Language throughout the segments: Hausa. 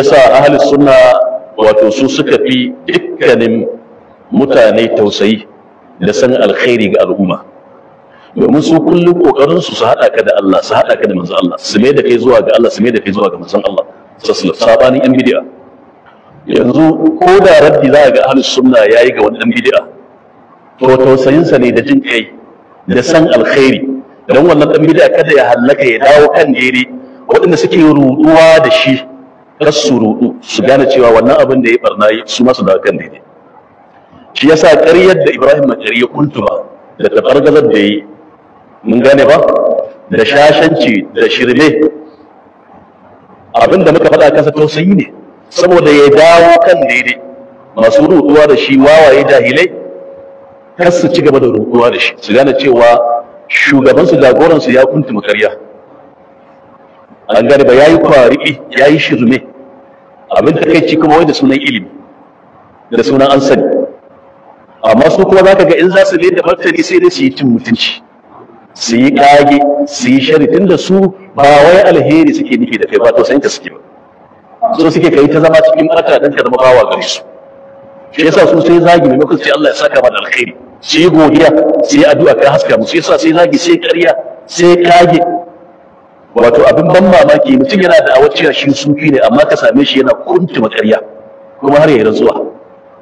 yasa ahlus sunna wato su suka fi dukkanin mutane tausayi da san alkhairi ga al'umma domin su kullum kokarin su su hada ka da Allah su hada ka da manzon Allah su mai da kai zuwa ga Allah su mai da kai zuwa ga manzon Allah sallallahu sabanin yan bid'a yanzu ko da rabbi za ga ahlus sunna yayi ga wani dan bid'a to tausayin sa ne da jin kai da san alkhairi dan wannan dan bid'a kada ya hallaka ya dawo kan jere waɗanda suke ruduwa da shi kasu su gane cewa wannan abin da ya barna su masu da kan daidai shi yasa ƙaryar da Ibrahim Makari ya ba da tabargazar da yi mun gane ba da shashanci da shirme abin da muka faɗa kasa tausayi ne saboda ya dawo kan daidai masu ruduwa da shi wawaye jahilai kar su ci gaba da ruduwa da shi su gane cewa shugabansu jagoransu ya kuntuma ƙarya an gane ba ya yi yayi ya yi shirme abin da kai ci kuma wai da sunan ilimi da sunan an sani amma su kuma zaka ga in za su ne da martani sai dai su yi cin mutunci su yi kage su yi tun da su ba wai alheri suke nufi da kai ba to sanin suke ba su suke kai ta zama cikin maraka dan ka zama bawa gare su shi yasa su sai zagi maimakon sai Allah ya saka mana alheri sai godiya sai addu'a ka haska mu sai yasa sai zagi sai ƙarya sai kage wato abin ban mamaki mutum yana da awacin shi sufi ne amma ka same shi yana kuntuma ƙarya kuma har yayin rantsuwa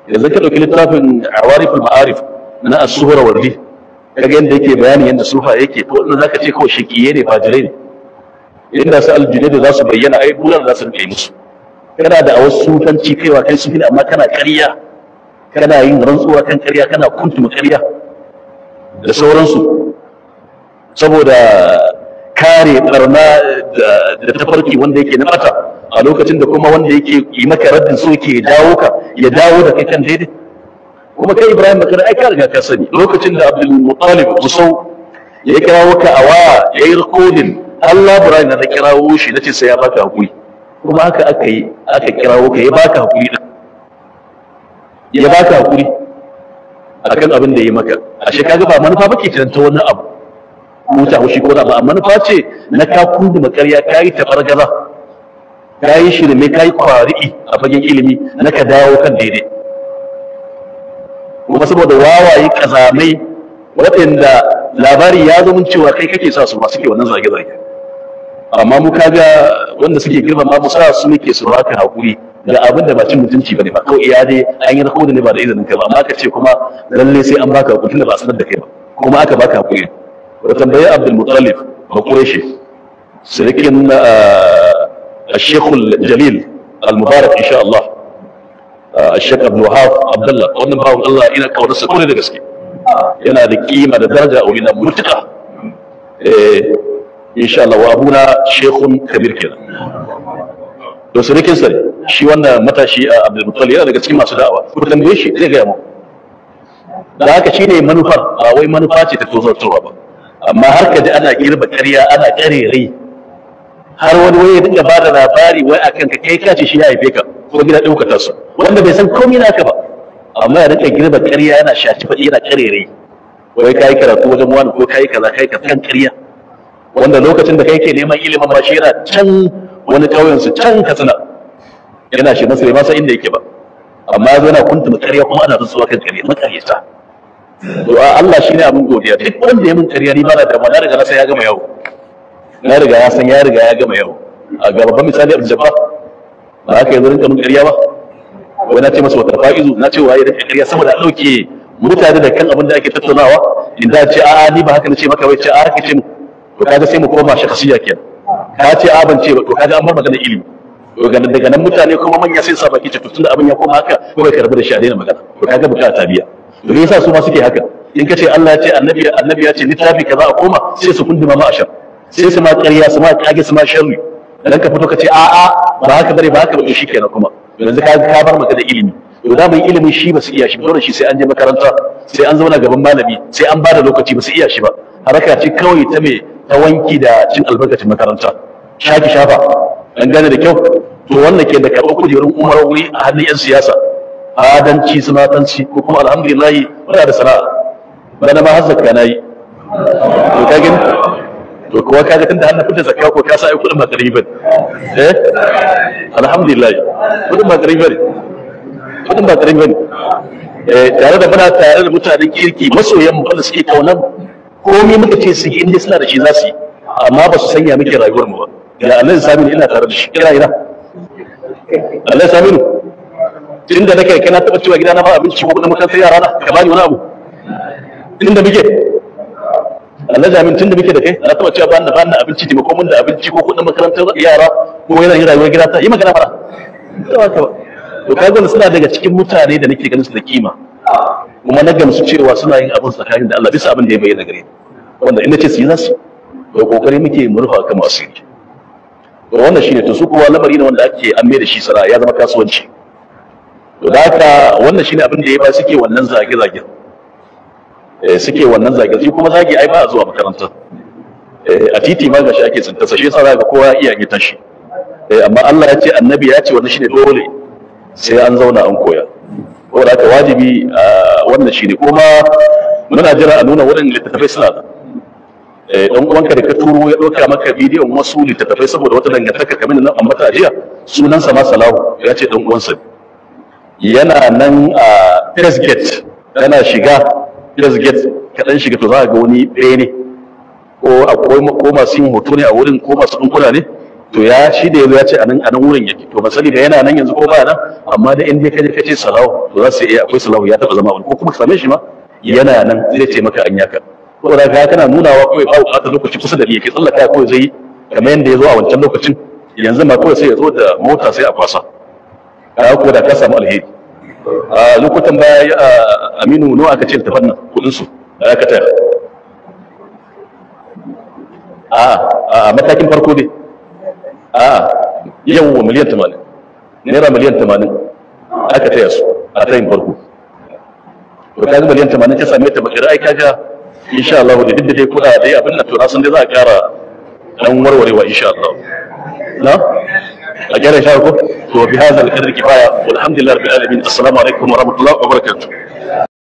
yanzu ka ɗauki littafin awariful ma'arif na as-suhra wardi kaga yanda yake bayani yanda sufa yake to wannan zaka ce kawai shakiye ne fajirai ne inda sa aljunai da za su bayyana ai bulan za su rike musu kana da awar sufanci kaiwa kai sufi ne amma kana ƙarya kana yin rantsuwa kan karya kana kuntuma ƙarya da sauransu saboda kare karna da tafarki wanda yake na bata a lokacin da kuma wanda yake yi maka raddin so yake dawo ka ya dawo da kai kan daidai kuma kai Ibrahim bakar ai ka riga ka sani lokacin da Abdul Muttalib Musau ya kirawo ka a waya yi rikodin Allah Ibrahim na kirawo shi nace sai ya baka hakuri kuma haka aka yi aka kirawo ka ya baka hakuri ya baka hakuri akan abin da ya maka ashe kaga ba manufa bake ta wani abu huta haushi ko ba amma nufa ce na ka kundi makarya ka yi tafargaza ka yi shirme ka yi kwari'i a fagen ilimi na ka dawo kan daidai kuma saboda wawaye kazamai waɗanda labari ya zama cewa kai kake sa su ba suke wannan zage-zage amma mu kaga wanda suke girmama mu sa su muke su raka hakuri da abin da ba cin mutunci bane ba kawai iya dai an yi rahoto ne ba da izinin ka ba amma ka ce kuma lalle sai an baka hakuri da ba sanar da kai ba kuma aka baka hakuri ka tambayi abdul muttalib ba quraishi sirikin الشيخ ah, Jalil al ان شاء الله الشيخ عبد الوهاب عبد الله wannan bawon Allah ina kaunarsa kore da gaske yana da kima da daraja a wurina mutuka eh insha Allah wa abuna shekun kabir kenan to surikin sa shi wannan matashi a ah, Abdul Muttalib yana daga cikin masu da'awa ku tambaye shi zai gaya mu da haka shine manufa ba ah, wai manufa ce ta tozartarwa ba amma har ka ji ana girba ƙarya ana ƙarerai har wani waya dinga ba da labari wai a kanka kai kace shi ya haife ka kuma gida ɗaukata su wanda bai san komai ka ba amma ya dinga girba ƙarya yana shaci faɗi yana ƙarerai wai kai karatu wajen wani ko kai kaza kai ka kan ƙarya wanda lokacin da kai ke neman ilimin ba shi yana can wani ƙauyen su can katsina yana shi masa yi masa inda yake ba amma ya zo yana kunta ƙarya kuma ana rantsuwa kan ƙarya maƙaryata du'a Allah shine abin godiya duk wanda ya mun kariya ni bana da ma na riga na ya gama yau na riga ya san ya riga ya gama yau a ga babban misali Abdul Jabbar ba aka yi rinka mun kariya ba wai na ce masa wata fa'izu na ce waye da kariya saboda a ɗauke mutane da kan abin da ake tattaunawa in da ce a'a ni ba haka na ce maka bai ce a'a ka ce mu to kaga sai mu koma shakhsiyya kenan ka ce a ban ce ba to kaga an bar magana ilimi daga nan mutane kuma manya sai sa baki ce tun da abin ya koma haka ko kai karbi da shi a daina magana to kaga bukata biya to yasa su ma suke haka in ka ce Allah ya ce annabi annabi ya ce littafi kaza a koma sai su kunduma ma a sai su ma ƙarya su ma kage su ma sharri dan ka fito ka ce a ba haka bare ba haka ba shi kenan kuma yanzu ka ka bar maka da ilimi to da mai ilimin shi ba su iya shi dole shi sai an je makaranta sai an zauna gaban malami sai an bada lokaci ba su iya shi ba haraka ce kawai ta me ta wanki da cin albarkacin makaranta shaki shafa an gane da kyau to wannan ke da karɓar kujerun umar wuri a hannun 'yan siyasa adanci danci ko kuma alhamdulillah muna da sana'a bana ma har zakka nayi to gani to kuwa kaga tunda har na fita zakka ko ka sa ai kudin magariban eh alhamdulillah kudin magariban kudin magariban eh tare da muna tare da mutanen kirki masoyan mu da suke kaunan komai muka ce su yi inda suna da shi za su yi amma ba su sanya muke rayuwar mu ba ya Allah ya sami ina tare da shi ina ina Allah ya sami inda nake kai na taba cewa gida na ba abinci ko kudin sai yara na ka bani wani abu inda muke Allah jamin tunda muke da kai na taba cewa bani bani abinci taimako mun da abinci ko kudin makarantar yara ko yana yin rayuwar gida ta yi magana fara to ga suna daga cikin mutane da nake ganin su da kima kuma na gamsu cewa suna yin abin tsakanin da Allah bisa abin da ya bayyana gare wanda ina ce su yi su? to kokari muke murfa rufa su asiri to wannan shine to su kuwa lamari ne wanda ake amme da shi sara ya zama kasuwanci to da haka wannan shine abin da ya ba suke wannan zage zage eh, suke wannan zage shi kuma zage ai ba zuwa makaranta eh, a titi ma gashi ake tsinta shi yasa zaka kowa iya ga tashi eh, amma Allah ya ce annabi ya ce wannan shine dole sai an zauna an koya Ko da haka wajibi wannan shine kuma muna jira a nuna wurin littattafai suna da ɗan uwanka da ka turo ya ɗauka maka bidiyon wasu littattafai saboda wata dangantaka kamar nan amma a jiya sunansa ma salahu ya ce ɗan uwansa ne yana nan a Pires Gate kana shiga Pires Gate kaɗan shiga to za a ga wani ɗaya ne ko akwai ko masu yin hoto ne a wurin ko masu ɗinkuna ne to ya shi da yanzu ya ce a nan a nan wurin yake to masali da yana nan yanzu ko ba nan amma da in dai kaje kace salahu to za su iya eh, akwai salahu ya taɓa zama wani ko kuma same shi ma yana nan zai ce maka an yaka ko da ka kana nunawa kawai ba bukatar lokaci kusa da ni kai tsallaka kawai zai kamar yanda ya zo a wancan lokacin yanzu ma kawai sai ya zo da mota sai a kwasa ka ko da ka samu alheri a lokutan baya ya aminu nawa aka ce littafan nan kudin su da aka tayar a matakin farko ne a wa miliyan tamanin naira miliyan tamanin aka taya su a tayin farko to kaga miliyan tamanin ka same ta bakira ai kaga insha Allah da duk da kuɗa dai abin nan to na dai za a ƙara dan warwarewa insha Allah na اجل يشاركوا وبهذا القدر كفايه والحمد لله رب العالمين السلام عليكم ورحمه الله وبركاته